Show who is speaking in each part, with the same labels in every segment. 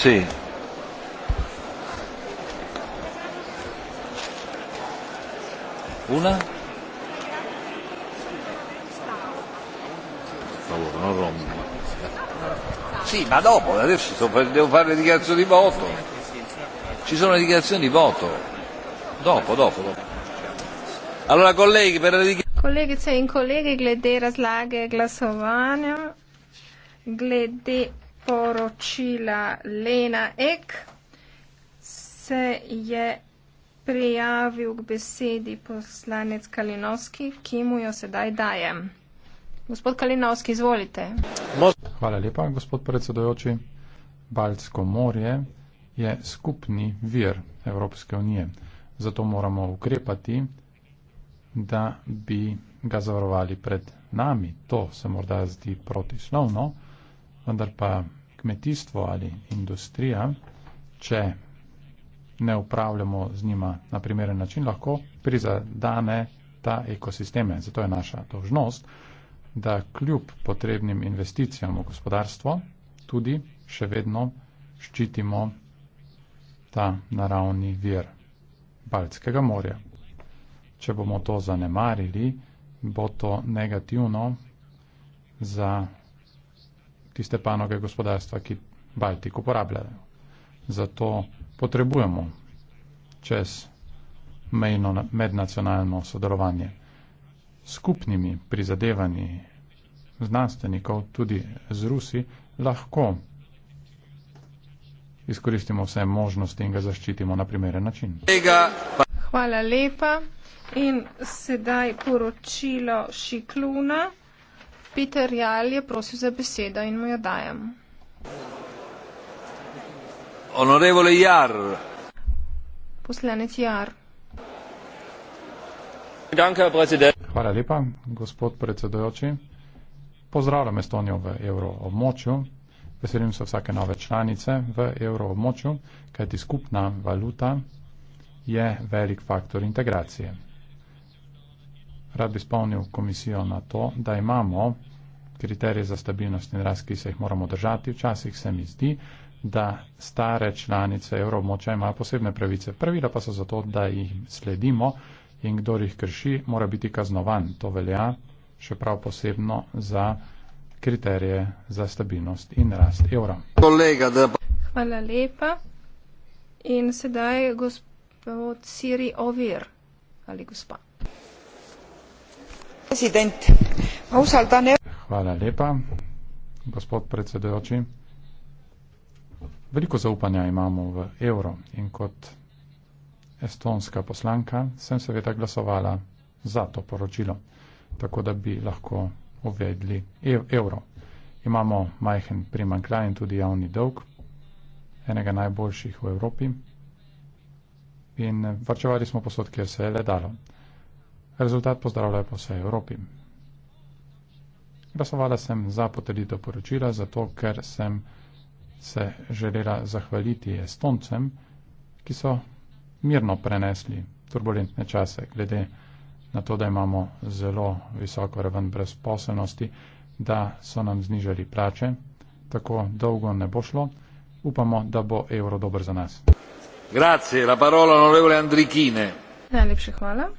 Speaker 1: Sì. Una? Favore, non rompo. Sì, ma dopo, adesso sto per, devo fare le dichiarazioni di voto. Ci sono le dichiarazioni di voto. Dopo, dopo, dopo. Allora, colleghi, per le dichiarazioni...
Speaker 2: Colleghi, c'è cioè, in colleghi, Gledera, Slager, Glasovania, Gledera sporočila Lena Ek, se je prijavil k besedi poslanec Kalinovski, ki mu jo sedaj dajem. Gospod Kalinovski, izvolite.
Speaker 3: Hvala lepa, gospod predsedojoči. Baltsko morje je skupni vir Evropske unije. Zato moramo ukrepati, da bi ga zavarovali pred nami. To se morda zdi protislovno, vendar pa kmetijstvo ali industrija, če ne upravljamo z njima na primeren način, lahko prizadane ta ekosisteme. Zato je naša dožnost, da kljub potrebnim investicijam v gospodarstvo tudi še vedno ščitimo ta naravni vir Baltskega morja. Če bomo to zanemarili, bo to negativno za tiste panoge gospodarstva, ki Baltik uporabljajo. Zato potrebujemo čez mejno mednacionalno sodelovanje skupnimi prizadevanji znanstvenikov, tudi z Rusi, lahko izkoristimo vse možnosti in ga zaščitimo na primeren način.
Speaker 2: Hvala lepa. In sedaj poročilo Šikluna. Peter Jal je prosil za besedo in mu jo dajem.
Speaker 1: Honorevole Jar.
Speaker 2: Poslanec Jar.
Speaker 3: Hvala lepa, gospod predsedojoči. Pozdravljam Estonijo v evroobmočju. Veselim se vsake nove članice v evroobmočju, kajti skupna valuta je velik faktor integracije rad bi spomnil komisijo na to, da imamo kriterije za stabilnost in rast, ki se jih moramo držati. Včasih se mi zdi, da stare članice evroobmočja imajo posebne pravice. Pravila pa so zato, da jih sledimo in kdo jih krši, mora biti kaznovan. To velja še prav posebno za kriterije za stabilnost in rast evra.
Speaker 2: Hvala lepa. In sedaj gospod Siri Ovir ali gospa.
Speaker 3: E- gospod predsedujoči. Veliko zaupanja imamo v evro in kot estonska poslanka sem seveda glasovala za to poročilo, tako da bi lahko uvedli evro. Imamo majhen primankljaj in tudi javni dolg, enega najboljših v Evropi in varčevali smo posod, kjer se je le dalo. Rezultat pozdravljajo po vsej Evropi. Glasovala sem za potrditev poročila, zato ker sem se želela zahvaliti Estoncem, ki so mirno prenesli turbulentne čase, glede na to, da imamo zelo visoko raven brezposelnosti, da so nam znižali plače. Tako dolgo ne bo šlo. Upamo, da bo evro dober za
Speaker 1: nas. Grazie, la parola onorevole Andrikine.
Speaker 2: Najlepša hvala.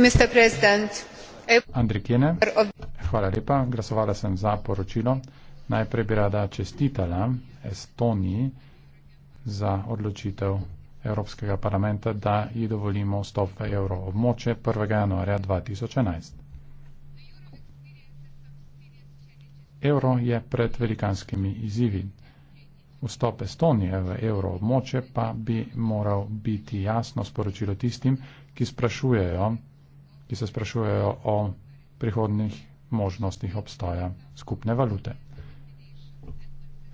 Speaker 2: E-
Speaker 1: Hvala
Speaker 3: lepa. Glasovala sem za poročilo. Najprej bi rada čestitala Estoniji za odločitev Evropskega parlamenta, da ji dovolimo vstop v evro območje 1. januarja 2011. Evro je pred velikanskimi izzivi. Vstop Estonije v evro območje pa bi moral biti jasno sporočilo tistim, ki sprašujejo, ki se sprašujejo o prihodnih možnostih obstoja skupne valute.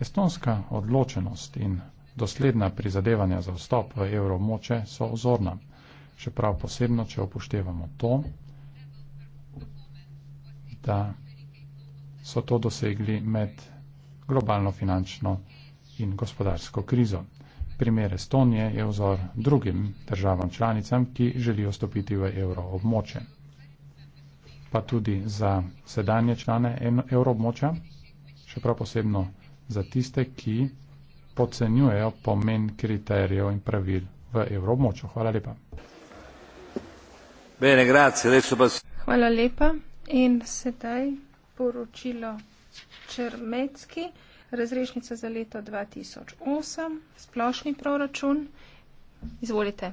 Speaker 3: Estonska odločenost in dosledna prizadevanja za vstop v evromoče so ozorna, čeprav posebno, če upoštevamo to, da so to dosegli med globalno finančno in gospodarsko krizo. Primer Estonije je vzor drugim državam članicam, ki želijo stopiti v evroobmoče. Pa tudi za sedanje člane evroobmoča, še prav posebno za tiste, ki podcenjujejo pomen kriterijev in pravil v evroobmoču. Hvala lepa.
Speaker 1: Bene, grazie,
Speaker 2: Hvala lepa. In sedaj poročilo Črmecki razrešnica za leto 2008, splošni proračun. Izvolite.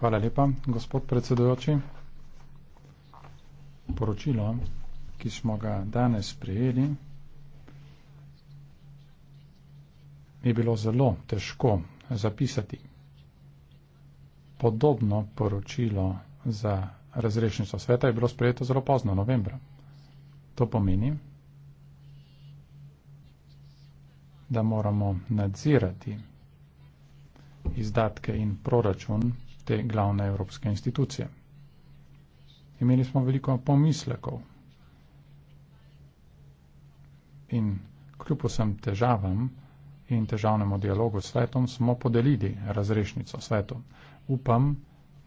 Speaker 3: Hvala lepa, gospod predsedujoči. Poročilo, ki smo ga danes prijeli, je bilo zelo težko zapisati. Podobno poročilo za razrešnico sveta je bilo sprejeto zelo pozno, novembra. To pomeni, da moramo nadzirati izdatke in proračun te glavne evropske institucije. Imeli smo veliko pomislekov in kljub vsem težavam in težavnemu dialogu s svetom smo podelili razrešnico svetu. Upam,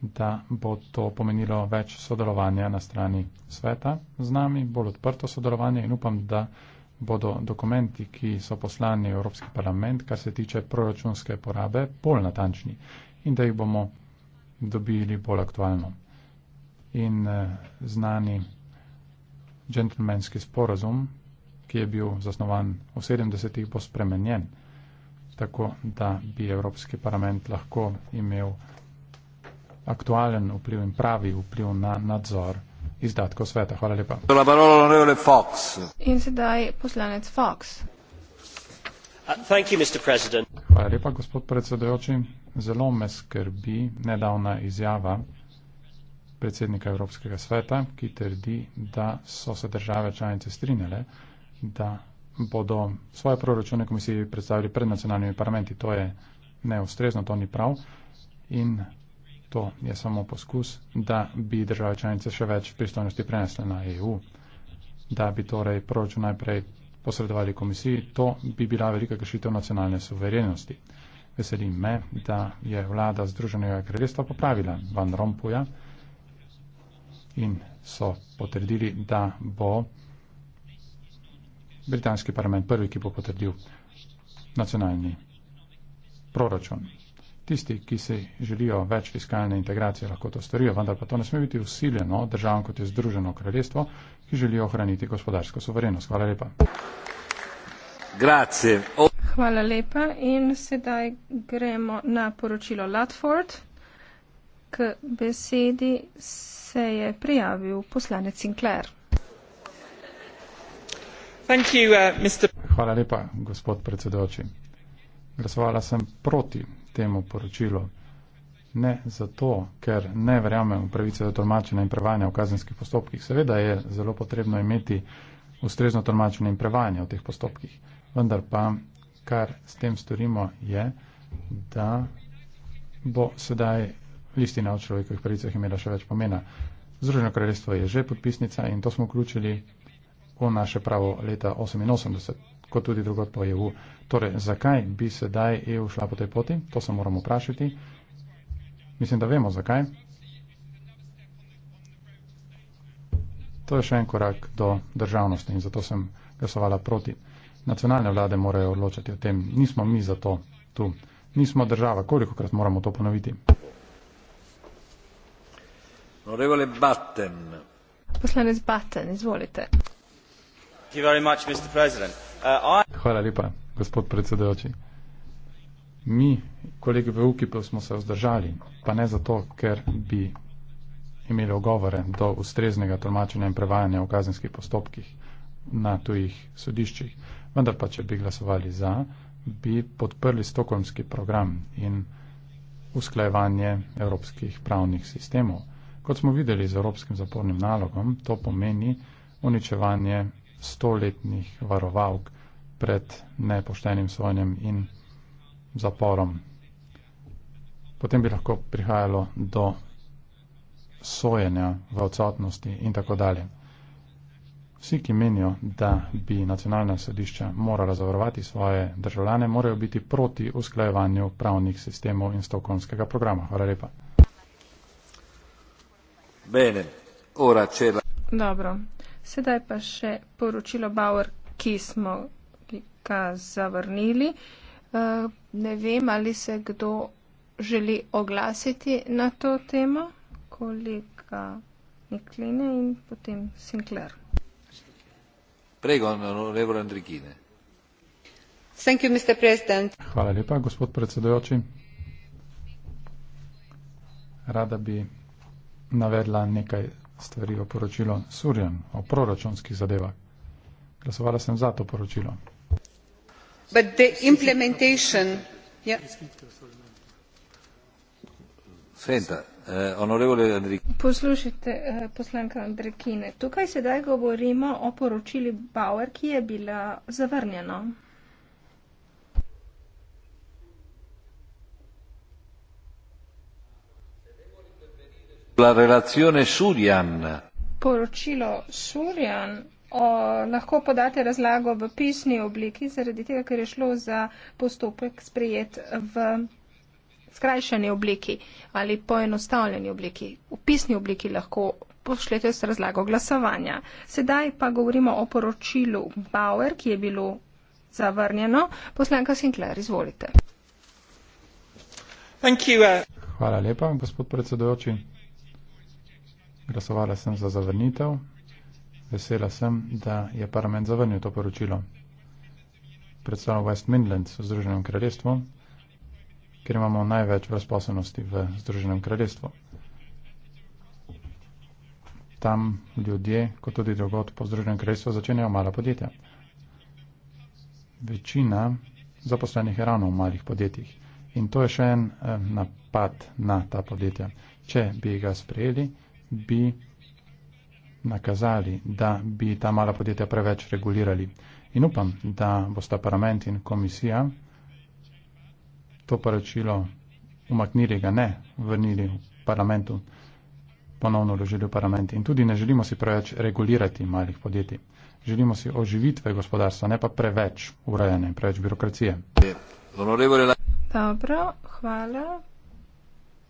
Speaker 3: da bo to pomenilo več sodelovanja na strani sveta z nami, bolj odprto sodelovanje in upam, da bodo dokumenti, ki so poslani v Evropski parlament, kar se tiče proračunske porabe, bolj natančni in da jih bomo dobili bolj aktualno. In eh, znani džentlmenski sporozum, ki je bil zasnovan v 70-ih, bo spremenjen, tako da bi Evropski parlament lahko imel aktualen vpliv in pravi vpliv na nadzor izdatkov sveta. Hvala lepa.
Speaker 2: In sedaj poslanec Fox.
Speaker 1: Uh,
Speaker 3: Hvala lepa, gospod predsedojoči. Zelo me skrbi nedavna izjava predsednika Evropskega sveta, ki trdi, da so se države članice strinjale, da bodo svoje proračune komisiji predstavili pred nacionalnimi parlamenti. To je neustrezno, to ni prav. In To je samo poskus, da bi države članice še več pristojnosti prenesle na EU, da bi torej proračun najprej posredovali komisiji. To bi bila velika kršitev nacionalne suverenosti. Veselim me, da je vlada Združenega kraljestva popravila Van Rompuja in so potrdili, da bo britanski parlament prvi, ki bo potrdil nacionalni proračun. Tisti, ki se želijo več fiskalne integracije, lahko to storijo, vendar pa to ne sme biti usiljeno državam kot je Združeno kraljestvo, ki želijo ohraniti gospodarsko soverenost. Hvala lepa.
Speaker 1: Grazie.
Speaker 2: Hvala lepa in sedaj gremo na poročilo Latford. K besedi se je prijavil poslanec Sinclair.
Speaker 3: Uh, Hvala lepa, gospod predsedoči glasovala sem proti temu poročilu. Ne zato, ker ne verjamem v pravice do tolmačenja in prevajanja v kazenskih postopkih. Seveda je zelo potrebno imeti ustrezno tolmačenje in prevajanje v teh postopkih. Vendar pa, kar s tem storimo, je, da bo sedaj listina o človekovih pravicah imela še več pomena. Združeno kraljestvo je že podpisnica in to smo vključili v naše pravo leta 1988 kot tudi drugot po EU. Torej, zakaj bi sedaj EU šla po tej poti? To se moramo vprašati. Mislim, da vemo zakaj. To je še en korak do državnosti in zato sem glasovala proti. Nacionalne vlade morajo odločati o tem. Nismo mi za to tu. Nismo država. Koliko krat moramo to ponoviti?
Speaker 2: Poslanec Batten, izvolite.
Speaker 1: Hvala lepa, gospod predsednik. Uh,
Speaker 3: Hvala lepa, gospod predsedajoči. Mi, kolegi v UKIP-u, smo se vzdržali, pa ne zato, ker bi imeli ogovore do ustreznega tolmačenja in prevajanja v kazenskih postopkih na tujih sodiščih. Vendar pa, če bi glasovali za, bi podprli stokholmski program in usklajevanje evropskih pravnih sistemov. Kot smo videli z evropskim zapornim nalogom, to pomeni uničevanje stoletnih varovalk pred nepoštenim sojenjem in zaporom. Potem bi lahko prihajalo do sojenja v odsotnosti in tako dalje. Vsi, ki menijo, da bi nacionalna sodišča morala zavarovati svoje državljane, morajo biti proti usklajevanju pravnih sistemov in stokholmskega programa. Hvala lepa.
Speaker 1: Bene, ora c'è la...
Speaker 2: Dobro, Sedaj pa še poročilo Bauer, ki smo ga zavrnili. Eh, ne vem, ali se kdo želi oglasiti na to temo, kolega Niklina in potem Sinclair.
Speaker 3: Hvala lepa, gospod predsedojoči. Rada bi navedla nekaj stvari o poročilu Surjan, o proračunskih zadevah. Glasovala sem za to poročilo.
Speaker 2: Eh, Poslušajte, eh, poslanka Andrekine, tukaj sedaj govorimo o poročili Bauer, ki je bila zavrnjena.
Speaker 1: La relazione Surian.
Speaker 2: Poročilo Surian o, lahko podate razlago v pisni obliki, zaradi tega, ker je šlo za postopek sprejet v skrajšani obliki ali poenostavljeni obliki. V pisni obliki lahko pošljete s razlago glasovanja. Sedaj pa govorimo o poročilu Bauer, ki je bilo zavrnjeno. Poslanka Sinclair,
Speaker 1: izvolite. Uh,
Speaker 3: Hvala lepa, gospod predsedojoči. Glasovala sem za zavrnitev. Vesela sem, da je parlament zavrnil to poročilo. Predstavljam West Midlands v Združenem kraljestvu, kjer imamo največ brezposobnosti v Združenem kraljestvu. Tam ljudje, kot tudi drugot po Združenem kraljestvu, začenjajo mala podjetja. Večina zaposlenih je ravno v malih podjetjih. In to je še en eh, napad na ta podjetja. Če bi ga sprejeli, bi nakazali, da bi ta mala podjetja preveč regulirali. In upam, da bosta parlament in komisija to poročilo umaknili, ga ne vrnili v parlamentu, ponovno vložili v parlament. In tudi ne želimo si preveč regulirati malih podjetij. Želimo si oživitve gospodarstva, ne pa preveč urejene, preveč birokracije.
Speaker 2: Dobro, hvala.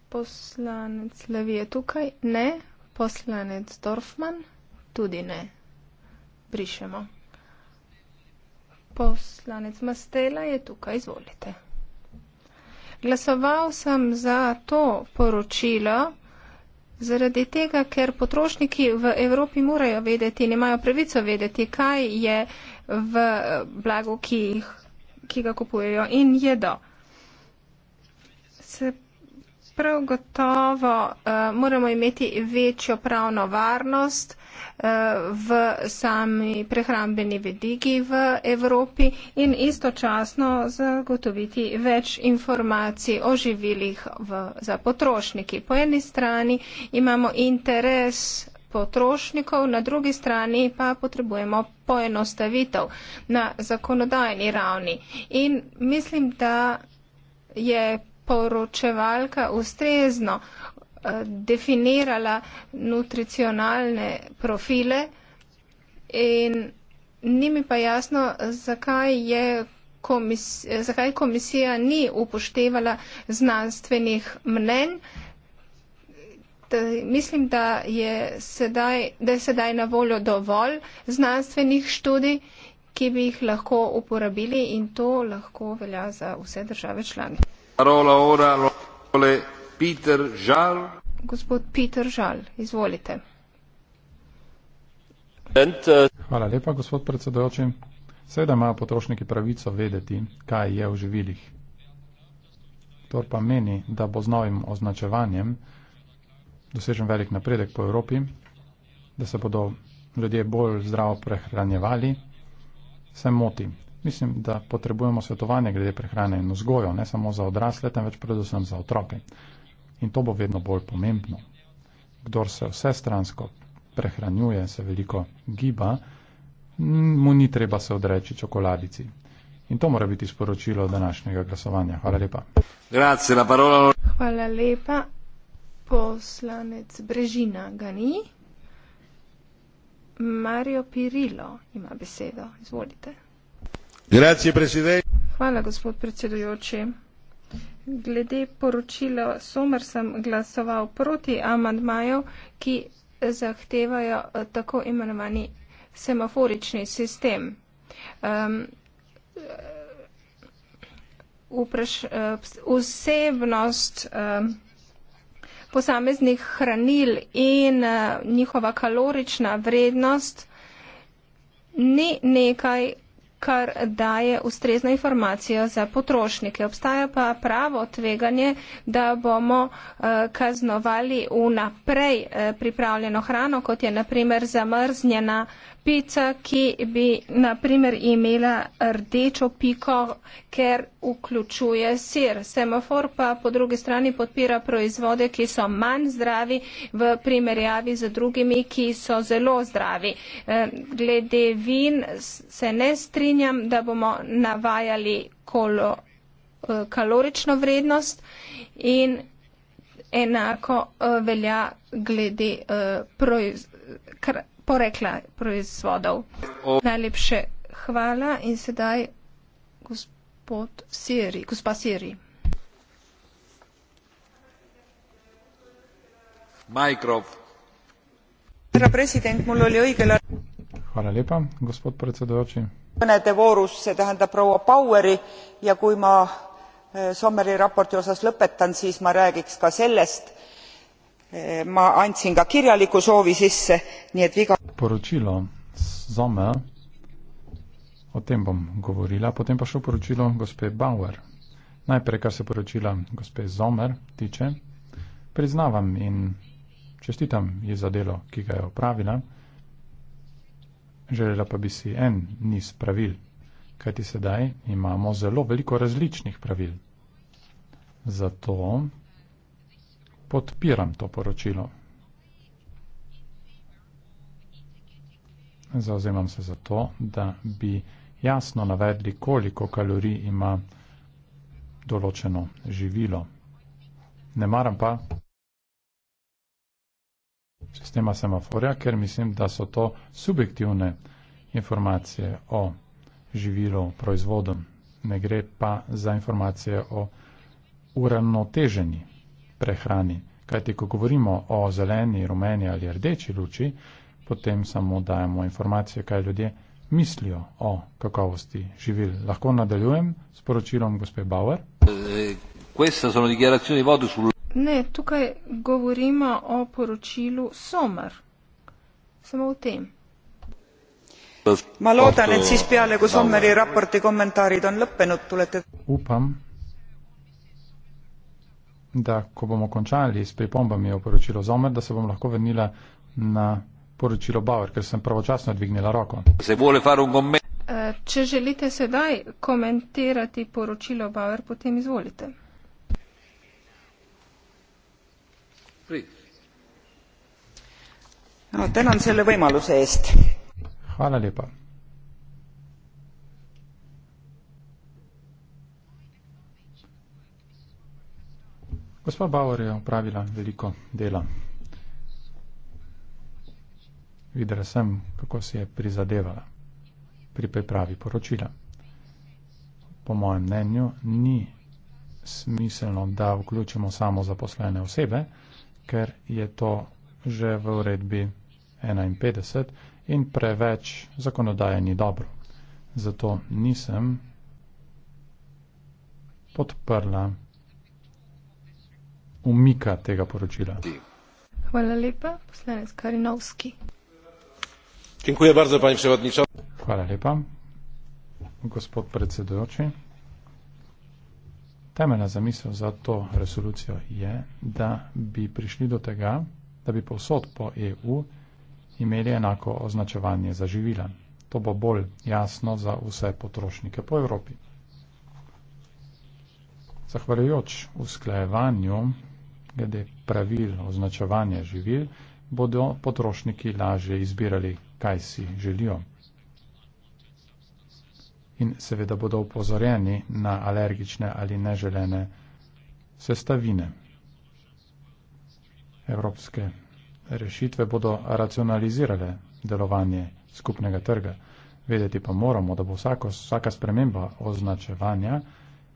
Speaker 2: Poslanec Levi je tukaj? Ne. Poslanec Dorfman? Tudi ne. Brišemo. Poslanec Mastela je tukaj, izvolite. Glasoval sem za to poročilo zaradi tega, ker potrošniki v Evropi morajo vedeti in imajo pravico vedeti, kaj je v blagu, ki, jih, ki ga kupujejo in jedo. Se Prav gotovo uh, moramo imeti večjo pravno varnost eh, v sami prehrambeni vedigi v Evropi in istočasno zagotoviti več informacij o živilih v, za potrošniki. Po eni strani imamo interes potrošnikov, na drugi strani pa potrebujemo poenostavitev na zakonodajni ravni. In mislim, da je poročevalka ustrezno eh, definirala nutricionalne profile in ni mi pa jasno, zakaj je komis, zakaj komisija ni upoštevala znanstvenih mnen. Da, mislim, da je, sedaj, da je sedaj na voljo dovolj znanstvenih študij, ki bi jih lahko uporabili in to lahko velja za vse države članice.
Speaker 1: Eh, Hvala
Speaker 3: lepa, gospod predsedojoči. Seveda imajo potrošniki pravico vedeti, kaj je v živilih. To pa meni, da bo z novim označevanjem dosežen velik napredek po Evropi, da se bodo ljudje bolj zdravo prehranjevali, se motim. Mislim, da potrebujemo svetovanje glede prehrane in vzgojo, ne samo za odrasle, temveč predvsem za otroke. In to bo vedno bolj pomembno. Kdor se vse stransko prehranjuje, se veliko giba, mu ni treba se odreči čokoladici. In to mora biti sporočilo današnjega glasovanja. Hvala lepa.
Speaker 2: Grazie, Hvala lepa. Poslanec Brežina ga ni. Mario Pirillo ima besedo. Izvolite. Hvala, gospod predsedujoči. Glede poročila Somer sem glasoval proti amandmajev, ki zahtevajo eh, tako imenovani semaforični sistem. Um, upraš, eh, vsebnost um, posameznih hranil in uh, njihova kalorična vrednost ni nekaj kar daje ustrezno informacijo za potrošnike. Obstaja pa pravo tveganje, da bomo eh, kaznovali vnaprej eh, pripravljeno hrano, kot je naprimer zamrznjena špica, ki bi na primer imela rdečo piko, ker vključuje sir. Semafor pa po drugi strani podpira proizvode, ki so manj zdravi v primerjavi z drugimi, ki so zelo zdravi. Eh, glede vin se ne strinjam, da bomo navajali kolo, eh, kalorično vrednost in enako eh, velja glede proizvodov porekla proizvodov. Najlepše hvala in sedaj gospod Siri, gospa Siri.
Speaker 3: Hvala lepa, gospod predsedujoči.
Speaker 4: kõnede voorus, see tähendab proua Poweri ja kui ma eh, Sommeri raporti osas lõpetan, siis ma räägiks ka sellest, Eh, ma andsin ka kirjaliku soovi sisse, nii et viga.
Speaker 3: O tem bom govorila, potem pa še poročilo gospe Bauer. Najprej, kar se poročila gospe Zomer tiče, priznavam in čestitam ji za delo, ki ga je opravila. Želela pa bi si en niz pravil, kajti sedaj imamo zelo veliko različnih pravil. Zato podpiram to poročilo. Zauzemam se za to, da bi jasno navedli, koliko kalorij ima določeno živilo. Ne maram pa sistema semaforja, ker mislim, da so to subjektivne informacije o živilu proizvodom. Ne gre pa za informacije o uravnoteženi prehrani. Kajti, ko govorimo o zeleni, rumeni ali rdeči luči, potem samo dajemo informacije, kaj ljudje mislijo o kakovosti živil. Lahko nadaljujem s poročilom gospe Bauer.
Speaker 2: Ne, tukaj govorimo o poročilu Somar. Samo o tem.
Speaker 3: Ma loodan, et siis peale, kui Sommeri raporti
Speaker 4: kommentaarid on lõppenud, tulete.
Speaker 3: Upam, da ko bomo končali s pripombami o poročilu Zomer, da se bom lahko vrnila na poročilo Bauer, ker sem pravočasno dvignila roko.
Speaker 2: Eh, če želite sedaj komentirati poročilo Bauer, potem izvolite.
Speaker 4: No, tänan selle võimaluse eest.
Speaker 3: Hvala lepa. Gospa Bauer je upravila veliko dela. Videla sem, kako si je prizadevala pri pripravi poročila. Po mojem mnenju ni smiselno, da vključimo samo zaposlene osebe, ker je to že v uredbi 51 in preveč zakonodaje ni dobro. Zato nisem podprla umika tega poročila.
Speaker 2: Hvala lepa, poslanec Karinovski.
Speaker 1: Dziękuję bardzo, panie przewodniczący.
Speaker 3: Hvala lepa, gospod predsedujoči. Temeljna zamisel za to resolucijo je, da bi prišli do tega, da bi povsod po EU imeli enako označevanje za živila. To bo bolj jasno za vse potrošnike po Evropi. Zahvaljujoč usklajevanju glede pravil označevanja živil, bodo potrošniki lažje izbirali, kaj si želijo. In seveda bodo upozorjeni na alergične ali neželene sestavine. Evropske rešitve bodo racionalizirale delovanje skupnega trga. Vedeti pa moramo, da bo vsako, vsaka sprememba označevanja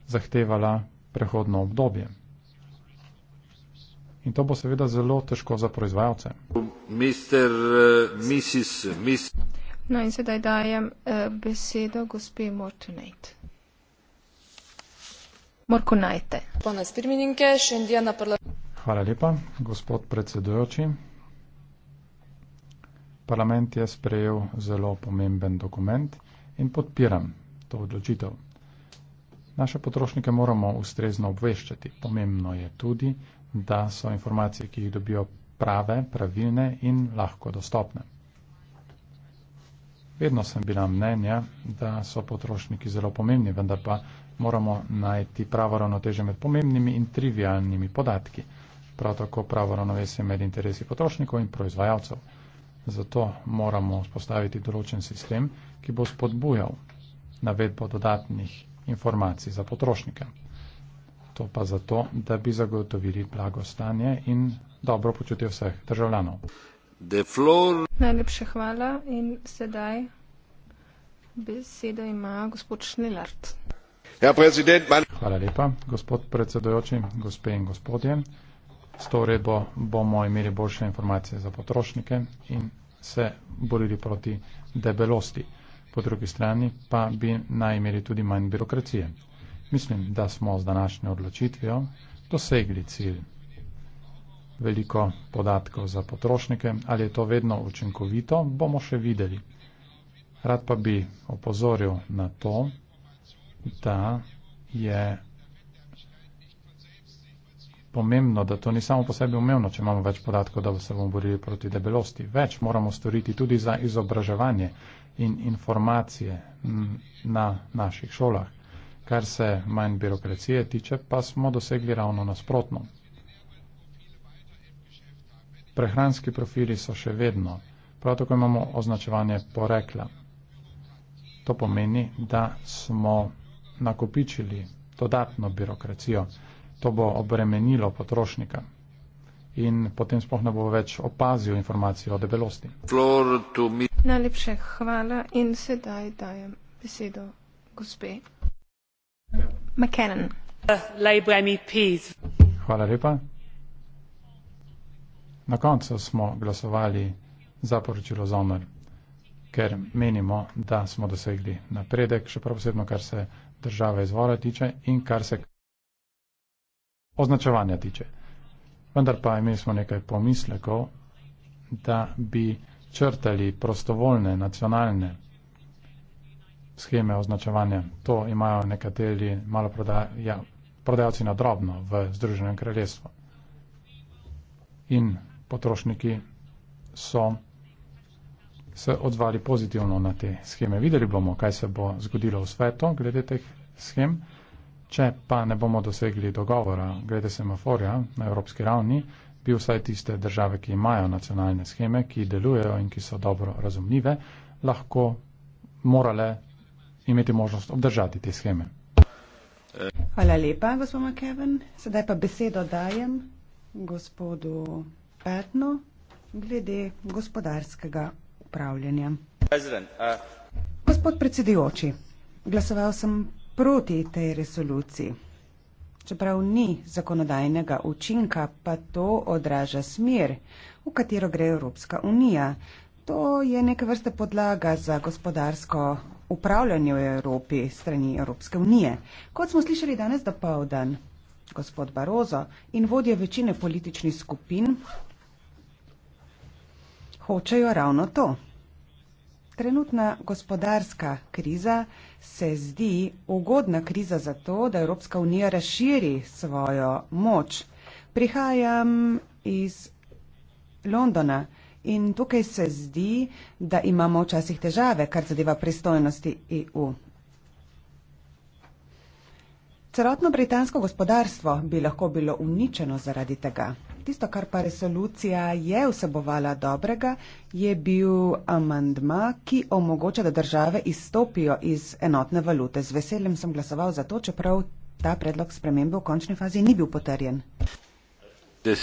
Speaker 3: zahtevala prehodno obdobje in to bo seveda zelo težko za proizvajalce.
Speaker 1: Mister, uh, eh, Mrs, Mrs.
Speaker 2: No in sedaj dajem uh, besedo gospe Mortonate. Morkonajte.
Speaker 3: Hvala lepa, gospod predsedujoči. Parlament je sprejel zelo pomemben dokument in podpiram to odločitev. Naše potrošnike moramo ustrezno obveščati. Pomembno je tudi, da so informacije, ki jih dobijo, prave, pravilne in lahko dostopne. Vedno sem bila mnenja, da so potrošniki zelo pomembni, vendar pa moramo najti pravo ravnoteže med pomembnimi in trivialnimi podatki. Prav tako pravo ravnovesje med interesi potrošnikov in proizvajalcev. Zato moramo vzpostaviti določen sistem, ki bo spodbujal navedbo dodatnih informacij za potrošnike to pa zato, da bi zagotovili blagostanje in dobro počutje vseh državljanov.
Speaker 1: Floor...
Speaker 2: Najlepša hvala in sedaj besedo ima gospod Šnilart.
Speaker 3: Ja, man... Hvala lepa, gospod predsedojoči, gospe in gospodje. S to uredbo bomo imeli boljše informacije za potrošnike in se borili proti debelosti. Po drugi strani pa bi naj imeli tudi manj birokracije. Mislim, da smo z današnjo odločitvijo dosegli cilj. Veliko podatkov za potrošnike, ali je to vedno učinkovito, bomo še videli. Rad pa bi opozoril na to, da je pomembno, da to ni samo po sebi umevno, če imamo več podatkov, da se bomo borili proti debelosti. Več moramo storiti tudi za izobraževanje in informacije na naših šolah kar se manj birokracije tiče, pa smo dosegli ravno nasprotno. Prehranski profili so še vedno, prav tako imamo označevanje porekla. To pomeni, da smo nakopičili dodatno birokracijo. To bo obremenilo potrošnika in potem sploh ne bo več opazil informacije o debelosti.
Speaker 2: Najlepše hvala in sedaj dajem besedo gospe Uh, e
Speaker 3: Hvala lepa. Na koncu smo glasovali za poročilo ZOMER, ker menimo, da smo dosegli napredek, še prav posebno, kar se države izvora tiče in kar se označevanja tiče. Vendar pa imeli smo nekaj pomislekov, da bi črtali prostovoljne nacionalne scheme označevanja. To imajo nekateri prodajalci nadrobno v Združenem kraljestvu. In potrošniki so se odzvali pozitivno na te scheme. Videli bomo, kaj se bo zgodilo v svetu glede teh schem. Če pa ne bomo dosegli dogovora glede semaforja na evropski ravni, bi vsaj tiste države, ki imajo nacionalne scheme, ki delujejo in ki so dobro razumljive, lahko morale imeti možnost obdržati te scheme.
Speaker 2: Hvala
Speaker 4: lepa, gospod McKeven. Sedaj pa besedo dajem gospodu Petnu glede gospodarskega upravljanja. Gospod predsedujoči, glasoval sem proti tej resoluciji. Čeprav ni zakonodajnega učinka, pa to odraža smer, v katero gre Evropska unija. To je neke vrste podlaga za gospodarsko upravljanju v Evropi strani Evropske unije. Kot smo slišali danes dopovdan, gospod Barozo in vodje večine političnih skupin hočejo ravno to. Trenutna gospodarska kriza se zdi ugodna kriza za to, da Evropska unija razširi svojo moč. Prihajam iz Londona. In tukaj se zdi, da imamo včasih težave, kar zadeva pristojnosti EU. Celotno britansko gospodarstvo bi lahko bilo uničeno zaradi tega. Tisto, kar pa resolucija je vsebovala dobrega, je bil amandma, ki omogoča, da države izstopijo iz enotne valute. Z veseljem sem glasoval za to, čeprav ta predlog spremembe v končni fazi ni bil potrjen. Uh,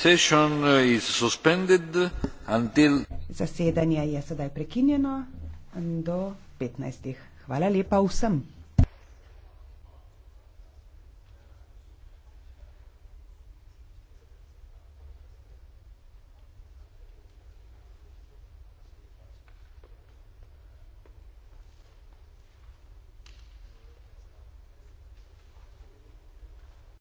Speaker 4: Zasedanje je sedaj prekinjeno do 15. Hvala lepa vsem.